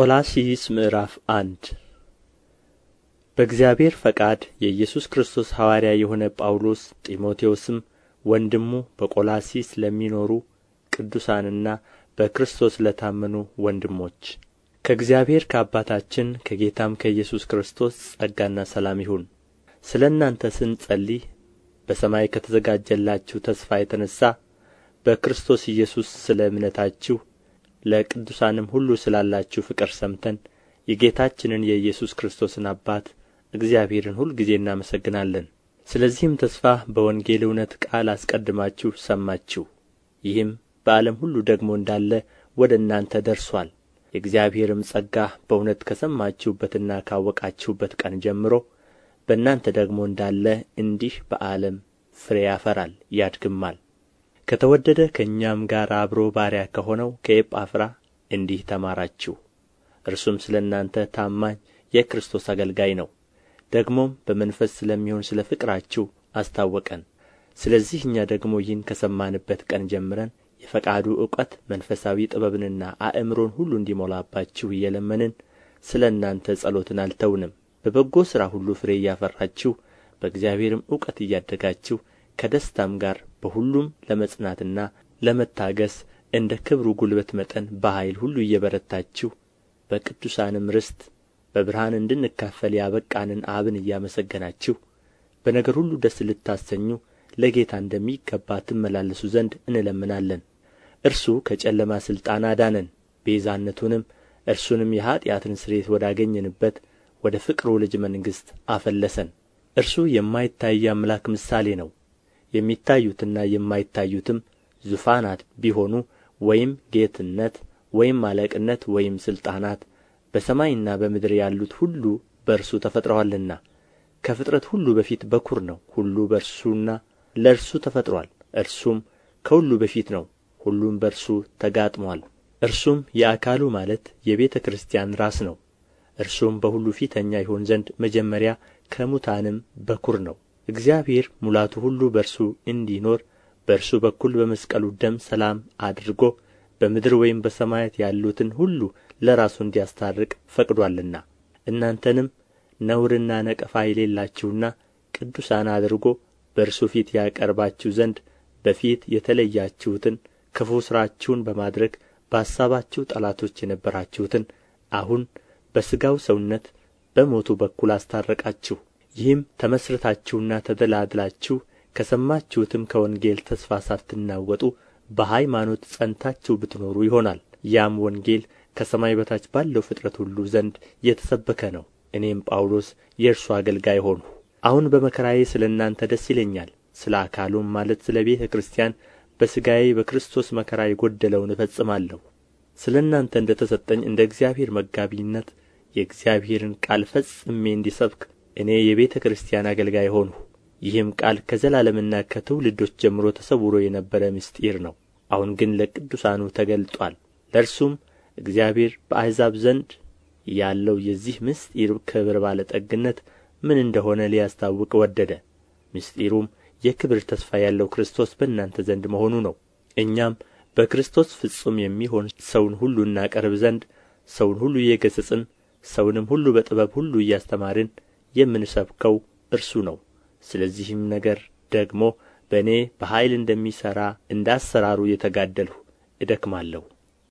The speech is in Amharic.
ቆላስይስ ምዕራፍ አንድ በእግዚአብሔር ፈቃድ የኢየሱስ ክርስቶስ ሐዋርያ የሆነ ጳውሎስ ጢሞቴዎስም ወንድሙ በቆላስይስ ለሚኖሩ ቅዱሳንና በክርስቶስ ለታመኑ ወንድሞች ከእግዚአብሔር ከአባታችን ከጌታም ከኢየሱስ ክርስቶስ ጸጋና ሰላም ይሁን። ስለ እናንተ ስንጸልይ በሰማይ ከተዘጋጀላችሁ ተስፋ የተነሣ በክርስቶስ ኢየሱስ ስለ እምነታችሁ ለቅዱሳንም ሁሉ ስላላችሁ ፍቅር ሰምተን የጌታችንን የኢየሱስ ክርስቶስን አባት እግዚአብሔርን ሁልጊዜ እናመሰግናለን። ስለዚህም ተስፋ በወንጌል እውነት ቃል አስቀድማችሁ ሰማችሁ፣ ይህም በዓለም ሁሉ ደግሞ እንዳለ ወደ እናንተ ደርሷል። የእግዚአብሔርም ጸጋ በእውነት ከሰማችሁበትና ካወቃችሁበት ቀን ጀምሮ በእናንተ ደግሞ እንዳለ እንዲህ በዓለም ፍሬ ያፈራል ያድግማል። ከተወደደ ከእኛም ጋር አብሮ ባሪያ ከሆነው ከኤጳፍራ እንዲህ ተማራችሁ እርሱም ስለ እናንተ ታማኝ የክርስቶስ አገልጋይ ነው ደግሞም በመንፈስ ስለሚሆን ስለ ፍቅራችሁ አስታወቀን ስለዚህ እኛ ደግሞ ይህን ከሰማንበት ቀን ጀምረን የፈቃዱ እውቀት መንፈሳዊ ጥበብንና አእምሮን ሁሉ እንዲሞላባችሁ እየለመንን ስለ እናንተ ጸሎትን አልተውንም በበጎ ሥራ ሁሉ ፍሬ እያፈራችሁ በእግዚአብሔርም እውቀት እያደጋችሁ ከደስታም ጋር በሁሉም ለመጽናትና ለመታገስ እንደ ክብሩ ጉልበት መጠን በኃይል ሁሉ እየበረታችሁ በቅዱሳንም ርስት በብርሃን እንድንካፈል ያበቃንን አብን እያመሰገናችሁ በነገር ሁሉ ደስ ልታሰኙ ለጌታ እንደሚገባ ትመላለሱ ዘንድ እንለምናለን። እርሱ ከጨለማ ሥልጣን አዳነን፣ ቤዛነቱንም እርሱንም የኀጢአትን ስሬት ወዳገኘንበት ወደ ፍቅሩ ልጅ መንግሥት አፈለሰን። እርሱ የማይታይ አምላክ ምሳሌ ነው። የሚታዩትና የማይታዩትም ዙፋናት ቢሆኑ ወይም ጌትነት ወይም አለቅነት ወይም ሥልጣናት በሰማይና በምድር ያሉት ሁሉ በእርሱ ተፈጥረዋልና ከፍጥረት ሁሉ በፊት በኩር ነው ሁሉ በእርሱና ለእርሱ ተፈጥሯል እርሱም ከሁሉ በፊት ነው ሁሉም በእርሱ ተጋጥሟል። እርሱም የአካሉ ማለት የቤተ ክርስቲያን ራስ ነው እርሱም በሁሉ ፊተኛ ይሆን ዘንድ መጀመሪያ ከሙታንም በኩር ነው እግዚአብሔር ሙላቱ ሁሉ በእርሱ እንዲኖር በእርሱ በኩል በመስቀሉ ደም ሰላም አድርጎ በምድር ወይም በሰማያት ያሉትን ሁሉ ለራሱ እንዲያስታርቅ ፈቅዶአልና እናንተንም ነውርና ነቀፋ የሌላችሁና ቅዱሳን አድርጎ በእርሱ ፊት ያቀርባችሁ ዘንድ በፊት የተለያችሁትን ክፉ ሥራችሁን በማድረግ በሐሳባችሁ ጠላቶች የነበራችሁትን አሁን በሥጋው ሰውነት በሞቱ በኩል አስታረቃችሁ ይህም ተመሥርታችሁና ተደላድላችሁ ከሰማችሁትም ከወንጌል ተስፋ ሳትናወጡ በሃይማኖት ጸንታችሁ ብትኖሩ ይሆናል ያም ወንጌል ከሰማይ በታች ባለው ፍጥረት ሁሉ ዘንድ የተሰበከ ነው እኔም ጳውሎስ የእርሱ አገልጋይ ሆንሁ አሁን በመከራዬ ስለ እናንተ ደስ ይለኛል ስለ አካሉም ማለት ስለ ቤተ ክርስቲያን በሥጋዬ በክርስቶስ መከራ የጎደለውን እፈጽማለሁ ስለ እናንተ እንደ ተሰጠኝ እንደ እግዚአብሔር መጋቢነት የእግዚአብሔርን ቃል ፈጽሜ እንዲሰብክ እኔ የቤተ ክርስቲያን አገልጋይ ሆንሁ ይህም ቃል ከዘላለምና ከትውልዶች ጀምሮ ተሰውሮ የነበረ ምስጢር ነው አሁን ግን ለቅዱሳኑ ተገልጧል። ለእርሱም እግዚአብሔር በአሕዛብ ዘንድ ያለው የዚህ ምስጢር ክብር ባለ ጠግነት ምን እንደሆነ ሊያስታውቅ ወደደ ምስጢሩም የክብር ተስፋ ያለው ክርስቶስ በእናንተ ዘንድ መሆኑ ነው እኛም በክርስቶስ ፍጹም የሚሆን ሰውን ሁሉ እናቀርብ ዘንድ ሰውን ሁሉ እየገሠጽን ሰውንም ሁሉ በጥበብ ሁሉ እያስተማርን የምንሰብከው እርሱ ነው ስለዚህም ነገር ደግሞ በእኔ በኃይል እንደሚሠራ እንደ እየተጋደልሁ እደክማለሁ